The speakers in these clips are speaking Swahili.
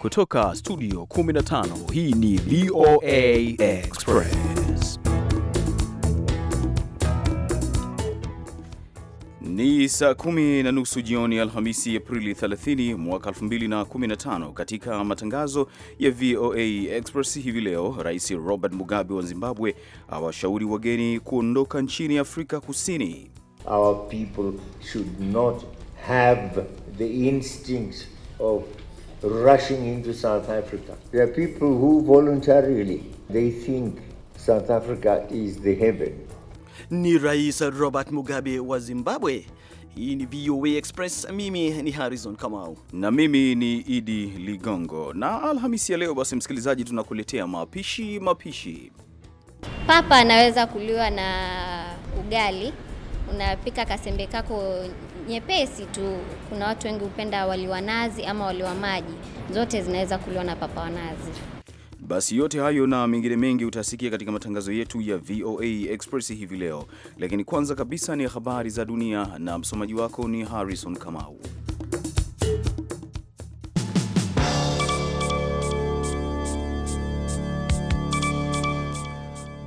Kutoka studio 15 hii ni VOA Express. Ni saa kumi na nusu jioni Alhamisi, Aprili 30 mwaka 2015. Katika matangazo ya VOA Express hivi leo, Rais Robert Mugabe wa Zimbabwe awashauri wageni kuondoka nchini Afrika Kusini. Our people should not have the instincts of rushing into South Africa. There are people who voluntarily they think South Africa is the heaven. Ni Rais Robert Mugabe wa Zimbabwe. Hii ni VOA Express. Mimi ni Harrison Kamau na mimi ni Idi Ligongo, na Alhamisi ya leo basi, msikilizaji, tunakuletea mapishi mapishi. Papa anaweza kuliwa na ugali, unapika kasembe kako nyepesi tu. Kuna watu wengi hupenda wali wa nazi ama wali wa maji, zote zinaweza kuliwa na papa wa nazi. Basi yote hayo na mengine mengi utasikia katika matangazo yetu ya VOA Express hivi leo, lakini kwanza kabisa ni habari za dunia na msomaji wako ni Harrison Kamau.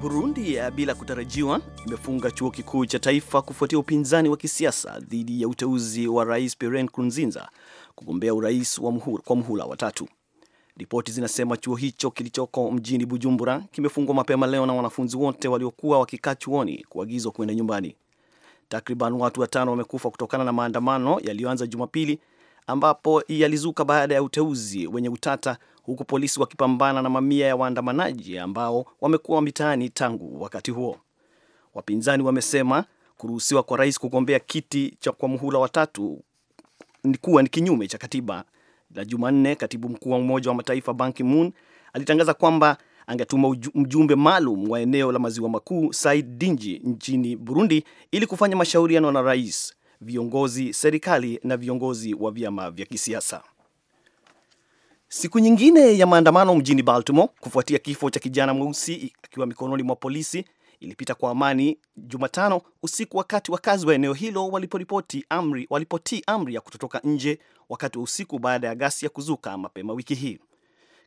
Burundi ya bila kutarajiwa imefunga chuo kikuu cha taifa kufuatia upinzani wa kisiasa dhidi ya uteuzi wa Rais Pierre Nkurunziza kugombea urais wa mhula, kwa muhula wa tatu. Ripoti zinasema chuo hicho kilichoko mjini Bujumbura kimefungwa mapema leo na wanafunzi wote waliokuwa wakikaa chuoni kuagizwa kuenda nyumbani. Takriban watu watano wamekufa kutokana na maandamano yaliyoanza Jumapili ambapo yalizuka baada ya uteuzi wenye utata huku polisi wakipambana na mamia ya waandamanaji ambao wamekuwa mitaani tangu wakati huo. Wapinzani wamesema kuruhusiwa kwa rais kugombea kiti cha kwa muhula watatu ni kuwa ni kinyume cha katiba. La Jumanne, katibu mkuu wa Umoja wa Mataifa Ban Ki-moon alitangaza kwamba angetuma mjumbe maalum wa eneo la maziwa makuu Said Dinji nchini Burundi ili kufanya mashauriano na rais, viongozi serikali na viongozi wa vyama vya kisiasa. Siku nyingine ya maandamano mjini Baltimore kufuatia kifo cha kijana mweusi akiwa mikononi mwa polisi ilipita kwa amani Jumatano usiku, wakati wakazi wa eneo hilo waliporipoti amri, walipotii amri ya kutotoka nje wakati wa usiku baada ya ghasia kuzuka mapema wiki hii.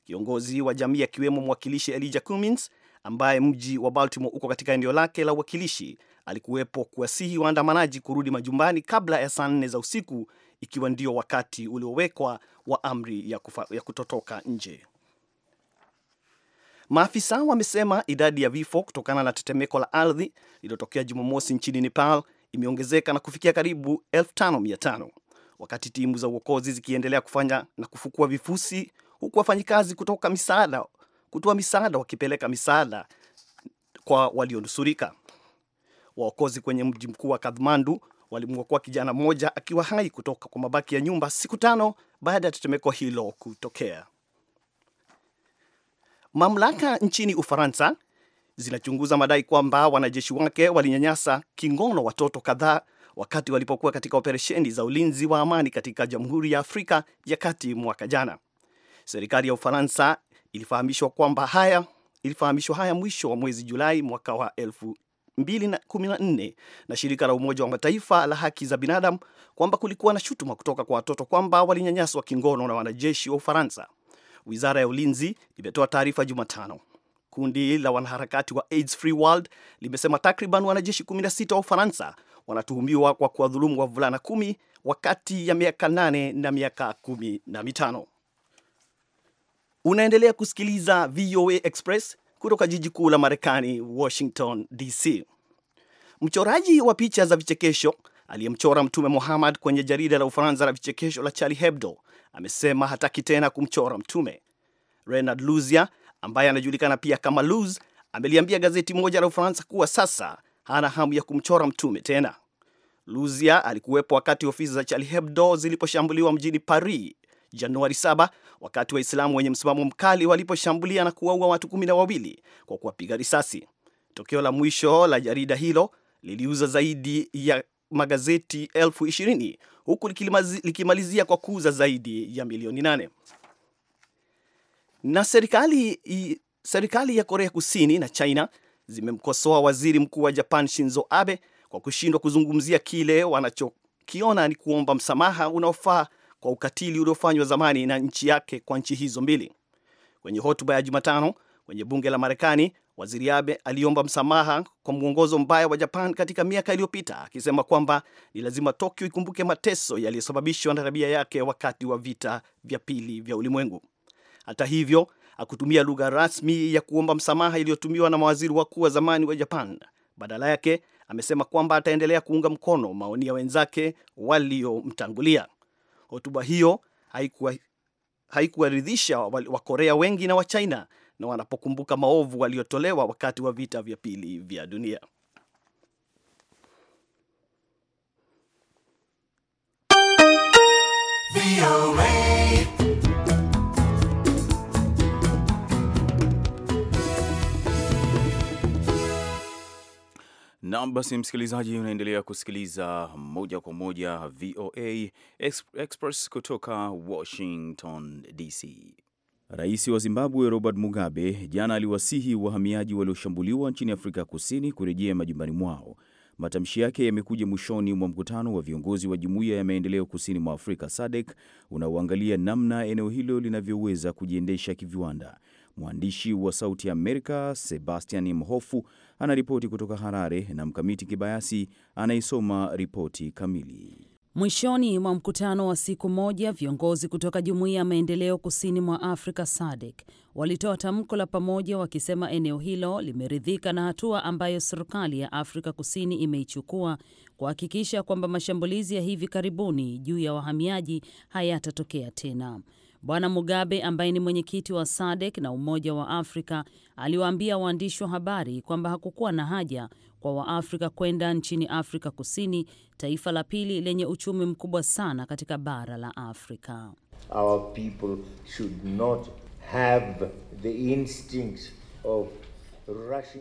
Kiongozi wa jamii akiwemo mwakilishi Elijah Cummings ambaye mji wa Baltimore uko katika eneo lake la uwakilishi alikuwepo kuwasihi waandamanaji kurudi majumbani kabla ya saa nne za usiku ikiwa ndio wakati uliowekwa wa amri ya, kufa, ya kutotoka nje. Maafisa wamesema idadi ya vifo kutokana na tetemeko la ardhi lililotokea Jumamosi nchini Nepal imeongezeka na kufikia karibu 55 wakati timu za uokozi zikiendelea kufanya na kufukua vifusi, huku wafanyikazi kutoka misaada kutoa misaada wakipeleka misaada kwa walionusurika. Waokozi kwenye mji mkuu wa Kathmandu walimwokoa kijana mmoja akiwa hai kutoka kwa mabaki ya nyumba siku tano baada ya tetemeko hilo kutokea. Mamlaka nchini Ufaransa zinachunguza madai kwamba wanajeshi wake walinyanyasa kingono watoto kadhaa wakati walipokuwa katika operesheni za ulinzi wa amani katika Jamhuri ya Afrika ya Kati mwaka jana. Serikali ya Ufaransa ilifahamishwa kwamba haya ilifahamishwa haya mwisho wa mwezi Julai mwaka wa elfu 2014 na shirika la Umoja wa Mataifa la haki za binadamu kwamba kulikuwa na shutuma kutoka kwa watoto kwamba walinyanyaswa kingono na wanajeshi wa Ufaransa. Wizara ya ulinzi imetoa taarifa Jumatano. Kundi la wanaharakati wa AIDS Free World limesema takriban wanajeshi 16 wa Ufaransa wanatuhumiwa kwa kuwadhulumu wavulana kumi wakati ya miaka 8 na miaka na mitano Unaendelea kusikiliza VOA Express kutoka jiji kuu la Marekani, Washington DC. Mchoraji wa picha za vichekesho aliyemchora Mtume Muhammad kwenye jarida la Ufaransa la vichekesho la Charlie Hebdo amesema hataki tena kumchora Mtume. Renard Luzia ambaye anajulikana pia kama Luz ameliambia gazeti moja la Ufaransa kuwa sasa hana hamu ya kumchora Mtume tena. Luzia alikuwepo wakati ofisi za Charlie Hebdo ziliposhambuliwa mjini Paris Januari 7 wakati Waislamu wenye msimamo mkali waliposhambulia na kuwaua watu kumi na wawili kwa kuwapiga risasi. Tokeo la mwisho la jarida hilo liliuza zaidi ya magazeti elfu ishirini huku likimalizia kwa kuuza zaidi ya milioni nane. Na serikali, serikali ya Korea Kusini na China zimemkosoa waziri mkuu wa Japan Shinzo Abe kwa kushindwa kuzungumzia kile wanachokiona ni kuomba msamaha unaofaa kwa ukatili uliofanywa zamani na nchi yake kwa nchi hizo mbili. Kwenye hotuba ya Jumatano kwenye bunge la Marekani, waziri Abe aliomba msamaha kwa mwongozo mbaya wa Japan katika miaka iliyopita, akisema kwamba ni lazima Tokyo ikumbuke mateso yaliyosababishwa na tabia yake wakati wa vita vya pili vya ulimwengu. Hata hivyo hakutumia lugha rasmi ya kuomba msamaha iliyotumiwa na mawaziri wakuu wa zamani wa Japan. Badala yake amesema kwamba ataendelea kuunga mkono maoni ya wenzake waliomtangulia. Hotuba hiyo haikuwaridhisha Wakorea wengi na Wachina na wanapokumbuka maovu waliotolewa wakati wa vita vya pili vya dunia. VOA. Nam, basi msikilizaji, unaendelea kusikiliza moja kwa moja VOA Express kutoka Washington DC. Rais wa Zimbabwe Robert Mugabe jana aliwasihi wahamiaji walioshambuliwa nchini Afrika Kusini kurejea majumbani mwao. Matamshi yake yamekuja mwishoni mwa mkutano wa viongozi wa Jumuiya ya Maendeleo Kusini mwa Afrika SADC unaoangalia namna eneo hilo linavyoweza kujiendesha kiviwanda. Mwandishi wa Sauti ya Amerika Sebastian Mhofu anaripoti kutoka Harare na Mkamiti Kibayasi anaisoma ripoti kamili. Mwishoni mwa mkutano wa siku moja, viongozi kutoka Jumuiya ya Maendeleo Kusini mwa Afrika SADC walitoa tamko la pamoja wakisema eneo hilo limeridhika na hatua ambayo serikali ya Afrika Kusini imeichukua kuhakikisha kwamba mashambulizi ya hivi karibuni juu ya wahamiaji hayatatokea tena. Bwana Mugabe ambaye ni mwenyekiti wa SADC na Umoja wa Afrika aliwaambia waandishi wa habari kwamba hakukuwa na haja kwa Waafrika kwenda nchini Afrika Kusini, taifa la pili lenye uchumi mkubwa sana katika bara la Afrika. Our people should not have the of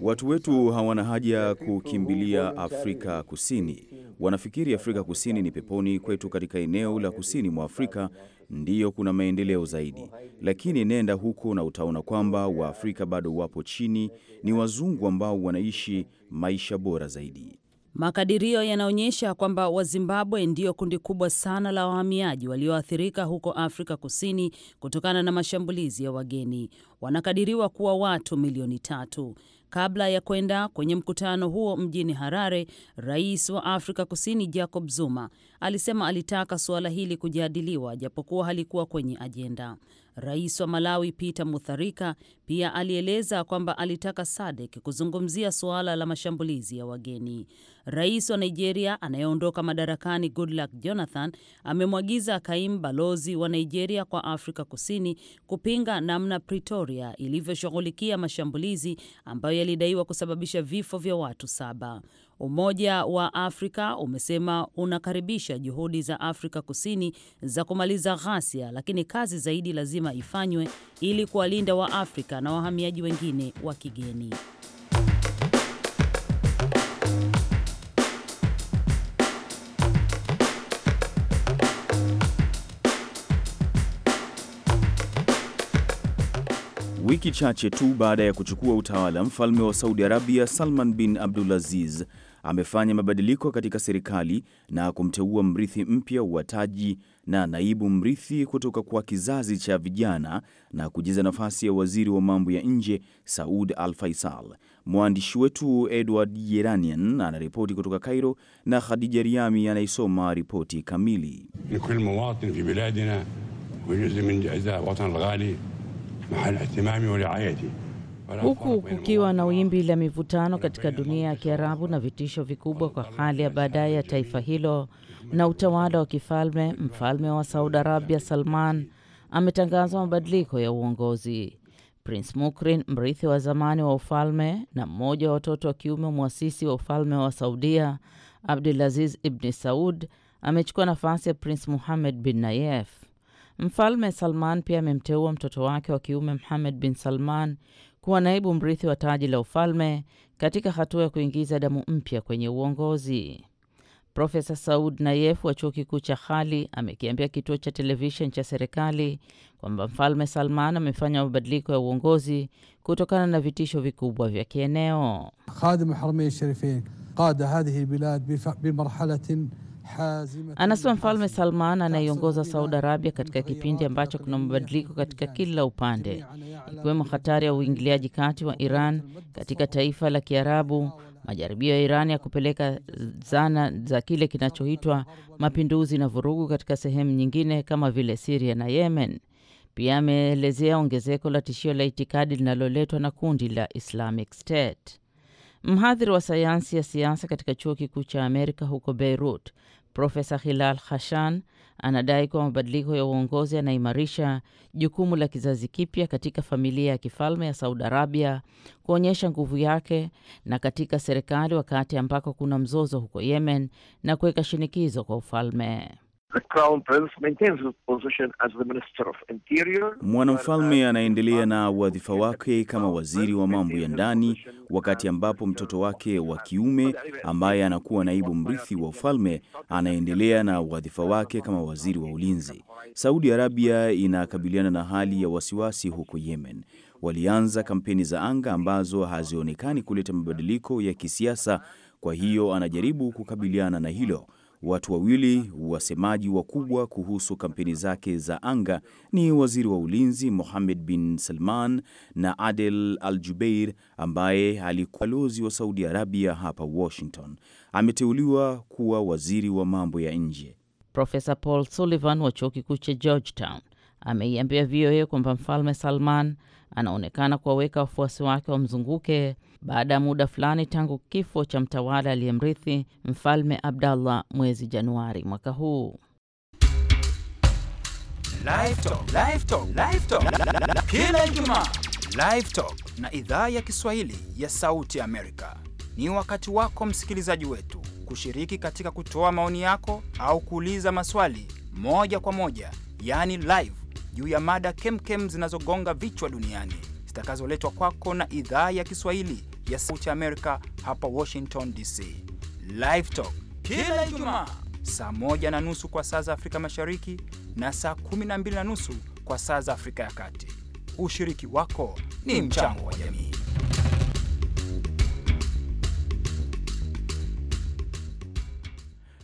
Watu wetu hawana haja kukimbilia Afrika Kusini. Wanafikiri Afrika Kusini ni peponi kwetu katika eneo la kusini mwa Afrika ndiyo kuna maendeleo zaidi, lakini nenda huko na utaona kwamba Waafrika bado wapo chini. Ni wazungu ambao wanaishi maisha bora zaidi. Makadirio yanaonyesha kwamba Wazimbabwe ndiyo kundi kubwa sana la wahamiaji walioathirika huko Afrika Kusini kutokana na mashambulizi ya wageni. Wanakadiriwa kuwa watu milioni tatu. Kabla ya kwenda kwenye mkutano huo mjini Harare, rais wa Afrika Kusini Jacob Zuma alisema alitaka suala hili kujadiliwa japokuwa halikuwa kwenye ajenda. Rais wa Malawi Peter Mutharika pia alieleza kwamba alitaka SADC kuzungumzia suala la mashambulizi ya wageni. Rais wa Nigeria anayeondoka madarakani Goodluck Jonathan amemwagiza kaimu balozi wa Nigeria kwa Afrika Kusini kupinga namna Pretoria ilivyoshughulikia mashambulizi ambayo yalidaiwa kusababisha vifo vya watu saba. Umoja wa Afrika umesema unakaribisha juhudi za Afrika Kusini za kumaliza ghasia, lakini kazi zaidi lazima ifanywe ili kuwalinda Waafrika na wahamiaji wengine wa kigeni. Wiki chache tu baada ya kuchukua utawala, mfalme wa Saudi Arabia Salman bin Abdulaziz amefanya mabadiliko katika serikali na kumteua mrithi mpya wa taji na naibu mrithi kutoka kwa kizazi cha vijana na kujaza nafasi ya waziri wa mambo ya nje Saud Al Faisal. Mwandishi wetu Edward Yeranian anaripoti kutoka Kairo na Khadija Riami anaisoma ripoti kamili huku kukiwa na wimbi la mivutano katika dunia ya Kiarabu na vitisho vikubwa kwa hali ya baadaye ya taifa hilo na utawala wa kifalme. Mfalme wa Saudi Arabia Salman ametangaza mabadiliko ya uongozi. Prince Mukrin, mrithi wa zamani wa ufalme na mmoja wa watoto wa kiume mwasisi wa ufalme wa Saudia Abdulaziz Ibni Saud, amechukua nafasi ya Prince muhammed bin Nayef. Mfalme Salman pia amemteua mtoto wake wa kiume mhamed bin Salman kuwa naibu mrithi wa taji la ufalme katika hatua ya kuingiza damu mpya kwenye uongozi. Profesa Saud Nayef wa chuo kikuu cha Hali amekiambia kituo cha televishen cha serikali kwamba Mfalme Salman amefanya mabadiliko ya uongozi kutokana na vitisho vikubwa vya kieneo. Khadim haramain sharifin qada hadhihi bimarhalatin Anasema Mfalme Salman anayeongoza Saudi Arabia katika kipindi ambacho kuna mabadiliko katika kila upande, ikiwemo hatari ya uingiliaji kati wa Iran katika taifa la Kiarabu, majaribio ya Iran ya kupeleka zana za kile kinachoitwa mapinduzi na vurugu katika sehemu nyingine kama vile Siria na Yemen. Pia ameelezea ongezeko la tishio la itikadi linaloletwa na kundi la Islamic State. Mhadhiri wa sayansi ya siasa katika chuo kikuu cha Amerika huko Beirut, Profesa Hilal hashan anadai kuwa mabadiliko ya uongozi yanaimarisha jukumu la kizazi kipya katika familia ya kifalme ya Saudi Arabia kuonyesha nguvu yake na katika serikali, wakati ambako kuna mzozo huko Yemen, na kuweka shinikizo kwa ufalme. Mwanamfalme anaendelea na wadhifa wake kama waziri wa mambo ya ndani, wakati ambapo mtoto wake wa kiume ambaye anakuwa naibu mrithi wa ufalme anaendelea na wadhifa wake kama waziri wa ulinzi. Saudi Arabia inakabiliana na hali ya wasiwasi huko Yemen. Walianza kampeni za anga ambazo hazionekani kuleta mabadiliko ya kisiasa, kwa hiyo anajaribu kukabiliana na hilo. Watu wawili wasemaji wakubwa kuhusu kampeni zake za anga ni waziri wa ulinzi Mohammed bin Salman na Adel Al Jubeir, ambaye alikuwa balozi wa Saudi Arabia hapa Washington. Ameteuliwa kuwa waziri wa mambo ya nje. Profesa Paul Sullivan wa chuo kikuu cha Georgetown ameiambia VOA kwamba Mfalme Salman anaonekana kuwaweka wafuasi wake wamzunguke baada ya muda fulani tangu kifo cha mtawala aliyemrithi Mfalme Abdallah mwezi Januari mwaka huu. Kila Ijumaa Live Talk na idhaa ya Kiswahili ya Sauti Amerika ni wakati wako msikilizaji wetu kushiriki katika kutoa maoni yako au kuuliza maswali moja kwa moja, yaani live, juu ya mada kemkem zinazogonga vichwa duniani zitakazoletwa kwako na idhaa ya Kiswahili ya Sauti Amerika hapa Washington DC. Live Talk kila Ijumaa saa moja na nusu kwa saa za Afrika Mashariki na saa kumi na mbili na nusu kwa saa za Afrika ya Kati. Ushiriki wako ni mchango wa jamii.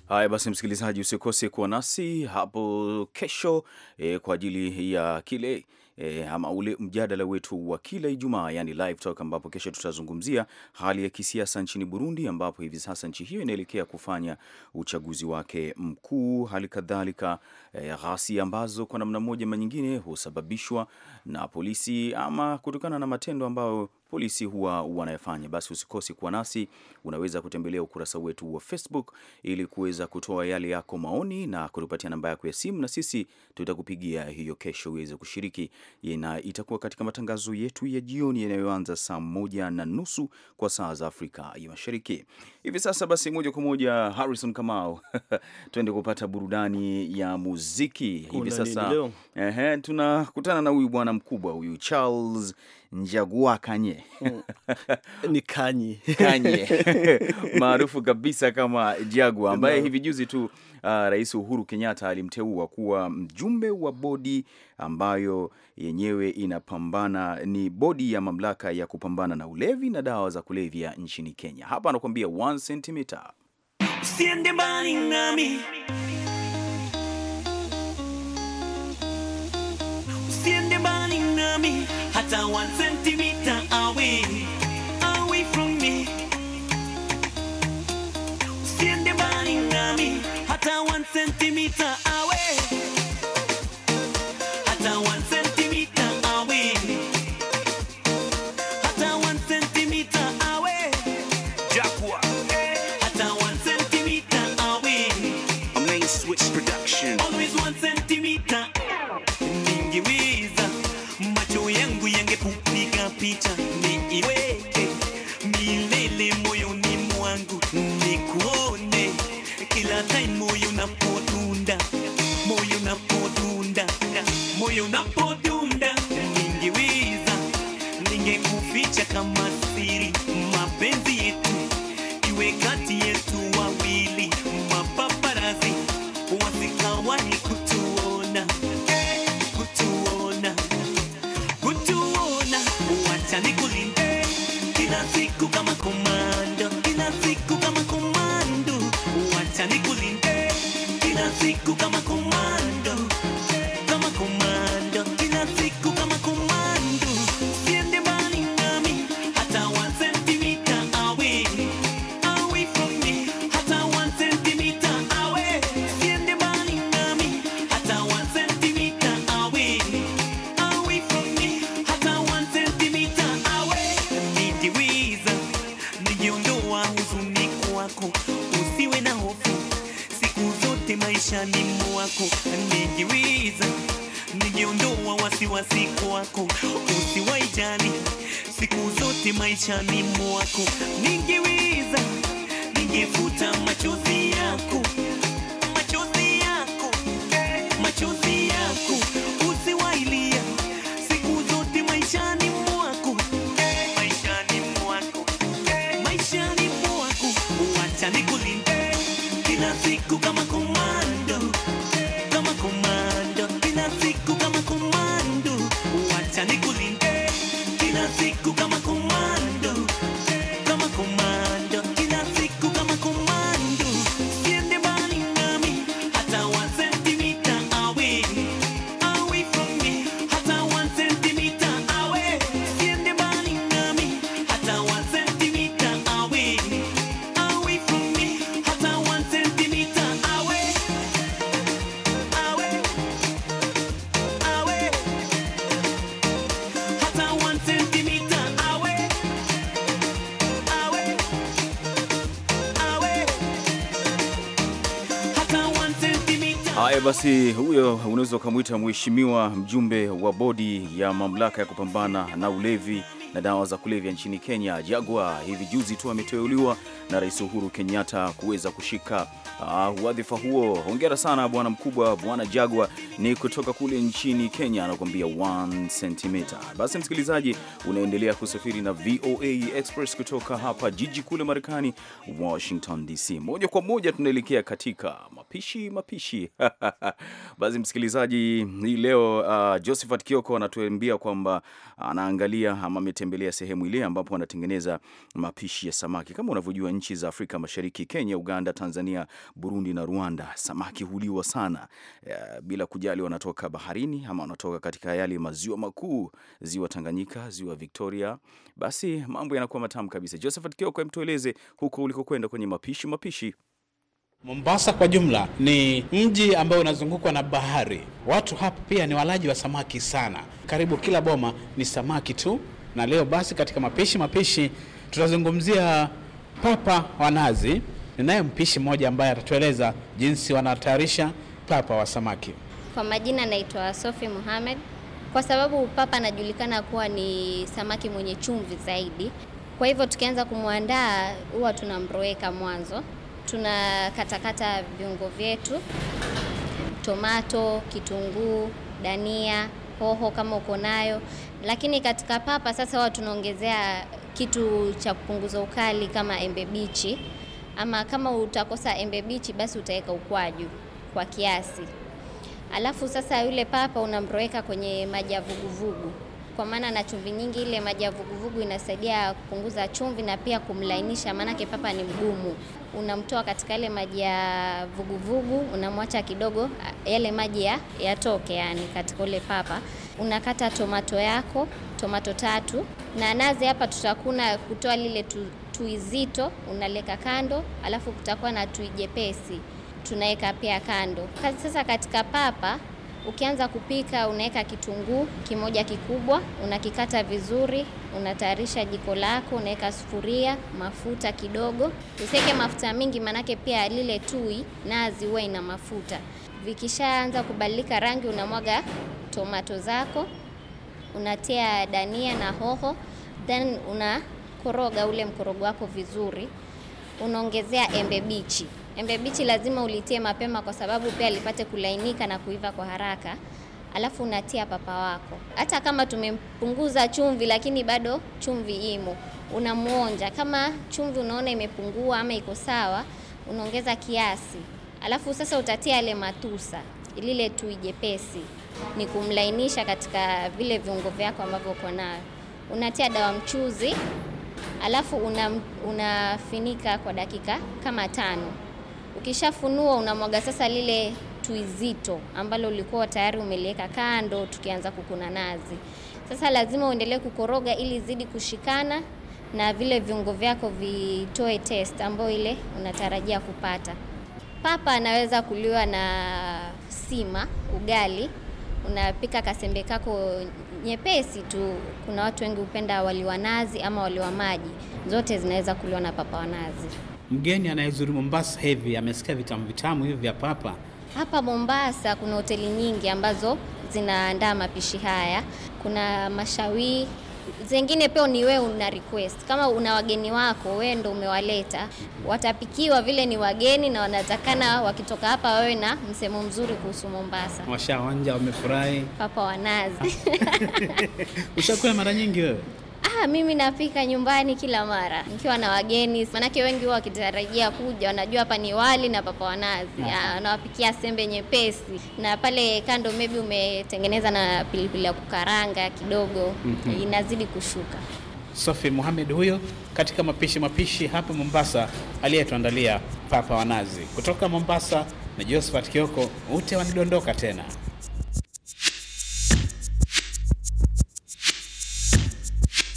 Haya basi, msikilizaji, usikose kuwa nasi hapo kesho eh, kwa ajili ya kile e, ama ule mjadala wetu wa kila Ijumaa, yani live talk, ambapo kesho tutazungumzia hali ya kisiasa nchini Burundi, ambapo hivi sasa nchi hiyo inaelekea kufanya uchaguzi wake mkuu, hali kadhalika e, ghasia ambazo kwa namna moja ama nyingine husababishwa na polisi ama kutokana na matendo ambayo polisi huwa wanayafanya, basi usikosi kuwa nasi. Unaweza kutembelea ukurasa wetu wa Facebook ili kuweza kutoa yale yako maoni na kutupatia namba yako ya simu, na sisi tutakupigia hiyo kesho uweze kushiriki, na itakuwa katika matangazo yetu ya jioni yanayoanza saa moja na nusu kwa saa za Afrika ya Mashariki hivi sasa. Basi moja kwa moja, Harrison Kamau, twende kupata burudani ya muziki hivi sasa. Ehe, tunakutana na huyu bwana bwana mkubwa huyu Charles Njagua Kanye ni Kanye Kanye maarufu kabisa kama Jagua, ambaye hivi juzi tu uh, Rais Uhuru Kenyatta alimteua kuwa mjumbe wa bodi ambayo yenyewe inapambana, ni bodi ya mamlaka ya kupambana na ulevi na dawa za kulevya nchini Kenya. Hapa anakuambia one centimeter, mbali nami centimeter, one centimeter away, away from me. Usiende mbali nami, hata one centimeter away, hata one Nasiku kama komando kujiwiza, nijiondoa wasiwasi kwako, usiwaijali siku zote maisha ni mwako, ningiwiza ningefuta machozi yako machozi yako machozi yako, usiwailia siku zote maishani mwako maishani mwako maishani mwako, wacha nikulinde kila siku kama kumana basi huyo unaweza ukamwita mheshimiwa mjumbe wa bodi ya mamlaka ya kupambana na ulevi na dawa za kulevya nchini Kenya, Jagwa, hivi juzi tu ameteuliwa na Rais Uhuru Kenyatta kuweza kushika ah, wadhifa huo. Hongera sana bwana mkubwa, bwana Jagwa, ni kutoka kule nchini Kenya, anakuambia 1 cm. Basi msikilizaji, unaendelea kusafiri na VOA Express kutoka hapa jiji kule Marekani, Washington DC. Moja kwa moja tunaelekea katika mapishi mapishi. Basi msikilizaji, hii leo uh, Josephat Kioko anatuambia kwamba anaangalia ama nimetembelea sehemu ile ambapo wanatengeneza mapishi ya samaki. Kama unavyojua nchi za Afrika Mashariki, Kenya, Uganda, Tanzania, Burundi na Rwanda, samaki huliwa sana ya, eh, bila kujali wanatoka baharini ama wanatoka katika yale maziwa makuu, ziwa Tanganyika, ziwa Victoria, basi mambo yanakuwa matamu kabisa. Josephat Kioko, mtueleze huko ulikokwenda kwenye mapishi mapishi Mombasa kwa jumla ni mji ambao unazungukwa na bahari. Watu hapa pia ni walaji wa samaki sana, karibu kila boma ni samaki tu. Na leo basi katika mapishi mapishi tutazungumzia papa wa nazi. Ninaye mpishi mmoja ambaye atatueleza jinsi wanatayarisha papa wa samaki. Kwa majina naitwa Sofi Mohamed. Kwa sababu papa anajulikana kuwa ni samaki mwenye chumvi zaidi, kwa hivyo tukianza kumwandaa huwa tunamroweka mwanzo, tunakatakata viungo vyetu, tomato, kitunguu, dania, hoho kama uko nayo lakini katika papa sasa huwa tunaongezea kitu cha kupunguza ukali kama embe bichi, ama kama utakosa embe bichi basi utaweka ukwaju kwa kiasi. Alafu sasa yule papa unamroweka kwenye maji ya vuguvugu kwa maana na chumvi nyingi, ile maji ya vuguvugu inasaidia kupunguza chumvi na pia kumlainisha, maanake papa ni mgumu. Unamtoa katika ile maji ya vuguvugu, unamwacha kidogo yale maji ya yatoke, yani katika ule papa. Unakata tomato yako, tomato tatu na nazi. Hapa tutakuna kutoa lile tu, tui zito unaleka kando, alafu kutakuwa na tui jepesi tunaweka pia kando. sasa katika papa Ukianza kupika unaweka kitunguu kimoja kikubwa, unakikata vizuri, unatayarisha jiko lako, unaweka sufuria, mafuta kidogo. Usiweke mafuta mingi, maanake pia lile tui, nazi huwa ina mafuta. Vikishaanza kubadilika rangi, unamwaga tomato zako, unatia dania na hoho, then unakoroga ule mkorogo wako vizuri, unaongezea embe bichi. Embe bichi lazima ulitie mapema, kwa sababu pia lipate kulainika na kuiva kwa haraka, alafu unatia papa wako. Hata kama tumepunguza chumvi, lakini bado chumvi imo, unamwonja. Kama chumvi unaona imepungua ama iko sawa, unaongeza kiasi, alafu sasa utatia ile matusa, lile tui jepesi ni kumlainisha katika vile viungo vyako ambavyo uko nayo. Unatia dawa mchuzi alafu unafinika una kwa dakika kama tano. Ukishafunua unamwaga sasa lile tui zito ambalo ulikuwa tayari umeliweka kando, tukianza kukuna nazi. Sasa lazima uendelee kukoroga ili zidi kushikana na vile viungo vyako vitoe test ambayo ile unatarajia kupata. Papa anaweza kuliwa na sima, ugali. Unapika kasembe kako nyepesi tu. Kuna watu wengi hupenda wali wa nazi ama wali wa maji, zote zinaweza kuliwa na papa wa nazi. Mgeni anayezuru Mombasa hivi amesikia vitamu vitamu hivi vya papa. Hapa Mombasa kuna hoteli nyingi ambazo zinaandaa mapishi haya. Kuna mashawi zingine pia ni wewe una request. Kama una wageni wako, wewe ndo umewaleta, watapikiwa vile ni wageni, na wanatakana wakitoka hapa wewe na msemo mzuri kuhusu Mombasa. Washawanja wamefurahi papa wanazi. Ushakula mara nyingi wewe? Ah, mimi napika nyumbani kila mara nikiwa na wageni, manake wengi huwa wakitarajia kuja, wanajua hapa ni wali na papa wanazi, ah, anawapikia sembe nyepesi, na pale kando maybe umetengeneza na pilipili ya kukaranga kidogo, mm -hmm. inazidi kushuka. Sofi Muhamed huyo katika mapishi mapishi hapa Mombasa, aliyetuandalia papa wanazi kutoka Mombasa. Na Josephat Kioko, ute wanidondoka tena.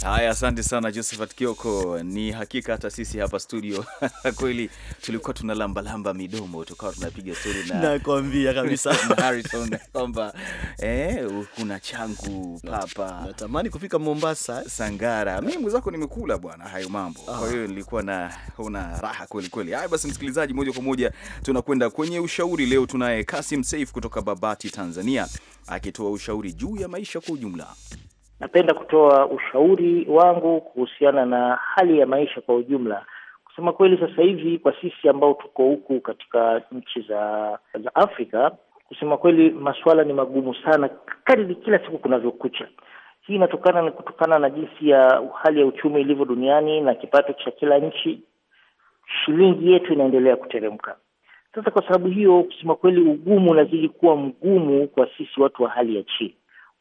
Haya, asante sana Josephat Kioko. Ni hakika hata sisi hapa studio kweli tulikuwa tuna lambalamba midomo, tukawa tunapiga stori na nakwambia kabisa Harrison kwamba eh, kuna changu papa, natamani kufika Mombasa Sangara. Mimi mwenzako nimekula bwana hayo mambo, ah. kwa hiyo nilikuwa na una raha kweli kweli. Haya basi, msikilizaji, moja kwa moja tunakwenda kwenye ushauri. Leo tunaye Kasim Saif kutoka Babati, Tanzania, akitoa ushauri juu ya maisha kwa ujumla. Napenda kutoa ushauri wangu kuhusiana na hali ya maisha kwa ujumla. Kusema kweli, sasa hivi kwa sisi ambao tuko huku katika nchi za za Afrika, kusema kweli, masuala ni magumu sana kadiri kila siku kunavyokucha. Hii inatokana ni kutokana na jinsi ya hali ya uchumi ilivyo duniani na kipato cha kila nchi. Shilingi yetu inaendelea kuteremka. Sasa kwa sababu hiyo, kusema kweli, ugumu unazidi kuwa mgumu kwa sisi watu wa hali ya chini.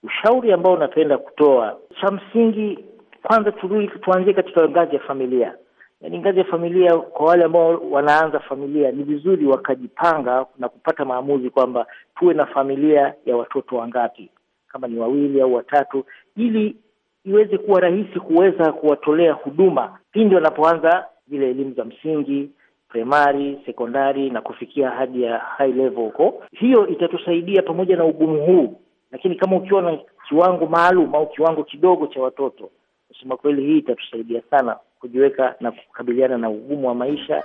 Ushauri ambao unapenda kutoa, cha msingi kwanza, turudi tuanzie katika ngazi ya familia, yaani ngazi ya familia. Kwa wale ambao wanaanza familia, ni vizuri wakajipanga na kupata maamuzi kwamba tuwe na familia ya watoto wangapi, kama ni wawili au watatu, ili iweze kuwa rahisi kuweza kuwatolea huduma pindi wanapoanza zile elimu za msingi primary, sekondari na kufikia hadi ya high level huko. Hiyo itatusaidia pamoja na ugumu huu lakini kama ukiwa na kiwango maalum au kiwango kidogo cha watoto, kusema kweli, hii itatusaidia sana kujiweka na kukabiliana na ugumu wa maisha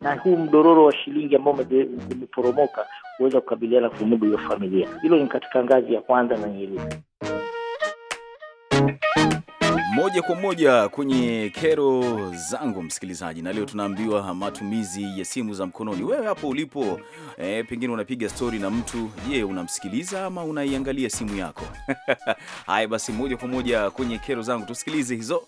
na huu mdororo wa shilingi ambao umeporomoka, kuweza kukabiliana kumudu hiyo familia. Hilo ni katika ngazi ya kwanza na nyingine moja kwa moja kwenye kero zangu msikilizaji, na leo tunaambiwa matumizi ya simu za mkononi. Wewe hapo ulipo, e, pengine unapiga stori na mtu, je, unamsikiliza ama unaiangalia simu yako? Haya basi, moja kwa moja kwenye kero zangu, tusikilize hizo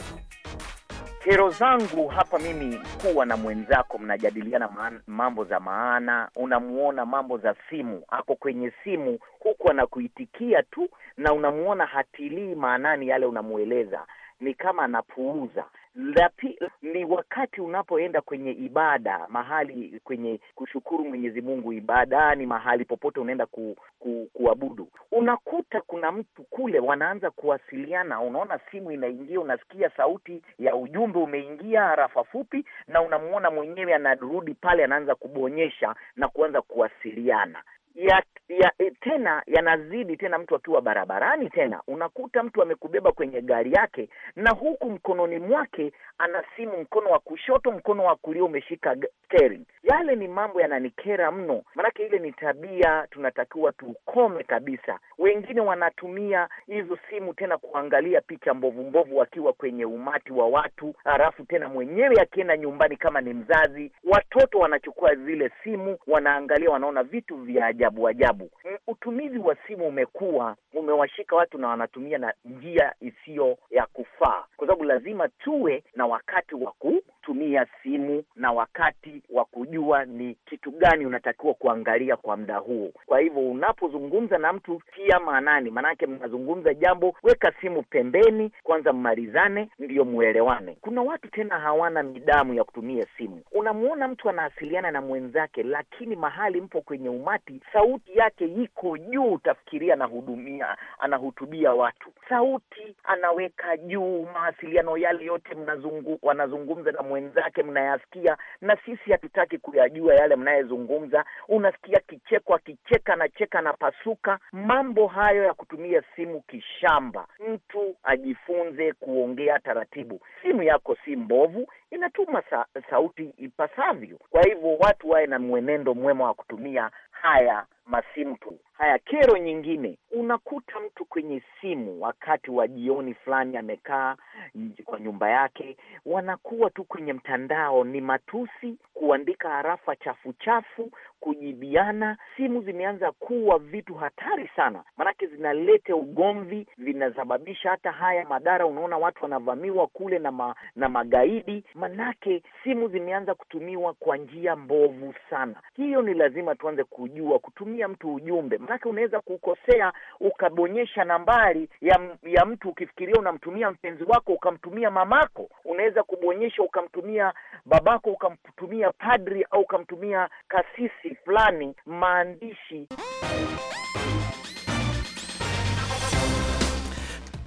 kero zangu hapa. Mimi kuwa na mwenzako mnajadiliana mambo za maana, unamwona mambo za simu, ako kwenye simu huku anakuitikia tu, na unamwona hatilii maanani yale unamweleza ni kama anapuuza. La pili ni wakati unapoenda kwenye ibada, mahali kwenye kushukuru Mwenyezi Mungu ibadani, mahali popote unaenda ku, ku, kuabudu, unakuta kuna mtu kule wanaanza kuwasiliana. Unaona simu inaingia, unasikia sauti ya ujumbe umeingia, harafa fupi, na unamwona mwenyewe anarudi pale, anaanza kubonyesha na kuanza kuwasiliana ya, ya e, tena yanazidi tena, mtu akiwa barabarani tena unakuta mtu amekubeba kwenye gari yake, na huku mkononi mwake ana simu, mkono wa kushoto, mkono wa kulia umeshika steering. Yale ni mambo yananikera mno, maanake ile ni tabia tunatakiwa tukome kabisa. Wengine wanatumia hizo simu tena kuangalia picha mbovu mbovu wakiwa kwenye umati wa watu, halafu tena mwenyewe akienda nyumbani kama ni mzazi, watoto wanachukua zile simu, wanaangalia, wanaona vitu vya ajabu ajabu ajabu. Mm, utumizi wa simu umekuwa umewashika watu na wanatumia na njia isiyo ya kufaa, kwa sababu lazima tuwe na wakati wa ku kutumia simu na wakati wa kujua ni kitu gani unatakiwa kuangalia kwa muda huo. Kwa hivyo unapozungumza na mtu tia maanani, maanake mnazungumza jambo, weka simu pembeni kwanza, mmalizane ndiyo mwelewane. Kuna watu tena hawana midamu ya kutumia simu. Unamwona mtu anawasiliana na mwenzake, lakini mahali mpo kwenye umati, sauti yake iko juu, utafikiria anahudumia, anahutubia watu. Sauti anaweka juu, mawasiliano yale yote mnazungu, wanazungumza na mwenzake wenzake mnayasikia, na sisi hatutaki kuyajua yale mnayezungumza. Unasikia kicheko, akicheka na cheka na pasuka. Mambo hayo ya kutumia simu kishamba, mtu ajifunze kuongea taratibu. Simu yako si mbovu, inatuma sa sauti ipasavyo. Kwa hivyo watu wawe na mwenendo mwema wa kutumia haya masimtu haya. Kero nyingine unakuta mtu kwenye simu wakati wa jioni fulani, amekaa kwa nyumba yake, wanakuwa tu kwenye mtandao, ni matusi, kuandika harafa chafu chafu, kujibiana. Simu zimeanza kuwa vitu hatari sana, maanake zinaleta ugomvi, vinasababisha hata haya madhara. Unaona watu wanavamiwa kule na, ma, na magaidi, manake simu zimeanza kutumiwa kwa njia mbovu sana. Hiyo ni lazima tuanze ku kujua kutumia mtu ujumbe, maanake unaweza kukosea ukabonyesha nambari ya, ya mtu ukifikiria unamtumia mpenzi wako, ukamtumia mamako. Unaweza kubonyesha ukamtumia babako, ukamtumia padri au ukamtumia kasisi fulani maandishi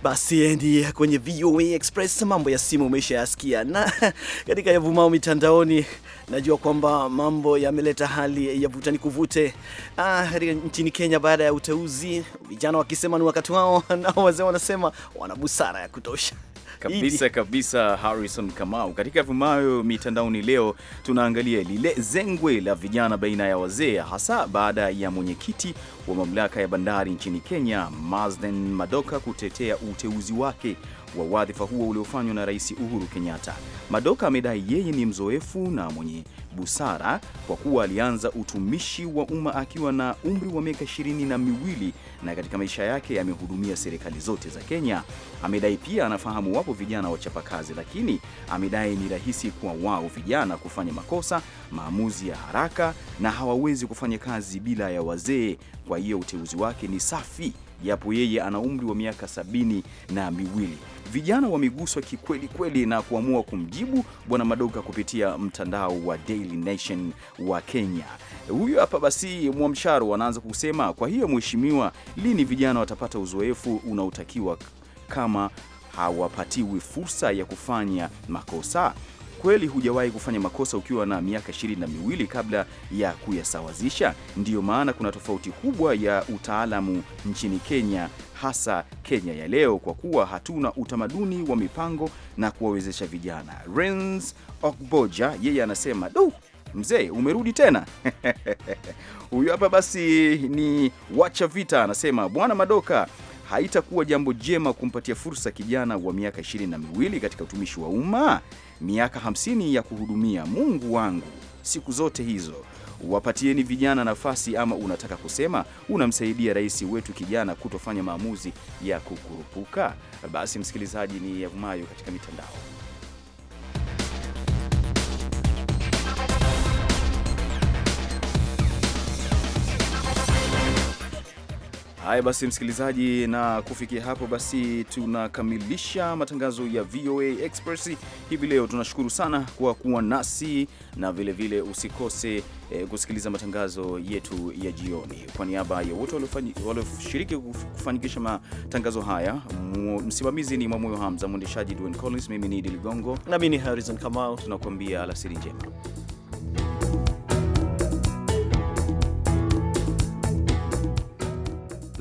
Basi ndi kwenye VOA Express, mambo ya simu yasikia na katika yavumao mitandaoni, najua kwamba mambo yameleta hali ya vutani kuvute ah, nchini Kenya baada ya uteuzi, vijana wakisema ni wakati wao, na wazee wanasema wana busara ya kutosha kabisa kabisa, Harrison Kamau. Katika vumayo mitandaoni leo tunaangalia lile zengwe la vijana baina ya wazee, hasa baada ya mwenyekiti wa mamlaka ya bandari nchini Kenya Mazden Madoka kutetea uteuzi wake wa wadhifa huo uliofanywa na Rais Uhuru Kenyatta. Madoka amedai yeye ni mzoefu na mwenye busara kwa kuwa alianza utumishi wa umma akiwa na umri wa miaka ishirini na miwili na katika maisha yake amehudumia serikali zote za Kenya. Amedai pia anafahamu wapo vijana wachapakazi, lakini amedai ni rahisi kwa wao vijana kufanya makosa, maamuzi ya haraka na hawawezi kufanya kazi bila ya wazee. Kwa hiyo uteuzi wake ni safi japo yeye ana umri wa miaka sabini na miwili. Vijana wameguswa kikweli kweli na kuamua kumjibu Bwana Madoka kupitia mtandao wa Daily Nation wa Kenya. Huyu hapa basi Mwamsharo anaanza kusema, kwa hiyo mheshimiwa, lini vijana watapata uzoefu unaotakiwa kama hawapatiwi fursa ya kufanya makosa? kweli hujawahi kufanya makosa ukiwa na miaka ishirini na miwili kabla ya kuyasawazisha? Ndiyo maana kuna tofauti kubwa ya utaalamu nchini Kenya, hasa Kenya ya leo, kwa kuwa hatuna utamaduni wa mipango na kuwawezesha vijana. Rens Okboja yeye anasema du Mzee, umerudi tena huyu hapa basi ni wacha vita anasema, bwana Madoka, haitakuwa jambo jema kumpatia fursa kijana wa miaka ishirini na miwili katika utumishi wa umma, miaka hamsini ya kuhudumia. Mungu wangu, siku zote hizo wapatieni vijana nafasi. Ama unataka kusema unamsaidia rais wetu kijana kutofanya maamuzi ya kukurupuka? Basi msikilizaji, ni yavumayo katika mitandao. Haya basi, msikilizaji, na kufikia hapo basi tunakamilisha matangazo ya VOA Express hivi leo. Tunashukuru sana kwa kuwa nasi na vilevile vile usikose e, kusikiliza matangazo yetu ya jioni. Kwa niaba ya wote walioshiriki kufanikisha matangazo haya, msimamizi ni Mwamoyo Hamza, mwendeshaji Dwayne Collins, mimi ni Idi Ligongo na mimi ni Harrison Kamau, tunakuambia alasiri njema.